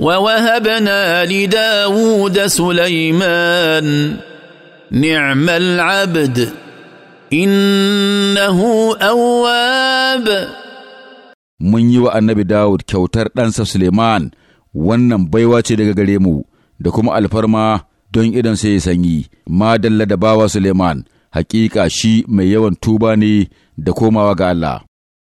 ووهبنا لداود سليمان نعم العبد إنه أواب mun yi wa annabi Dawud kyautar ɗansa Suleiman wannan baiwa ce daga gare mu da kuma alfarma don idan sai ya sanyi ma dalla da bawa Suleiman hakika shi mai yawan tuba ne da komawa ga Allah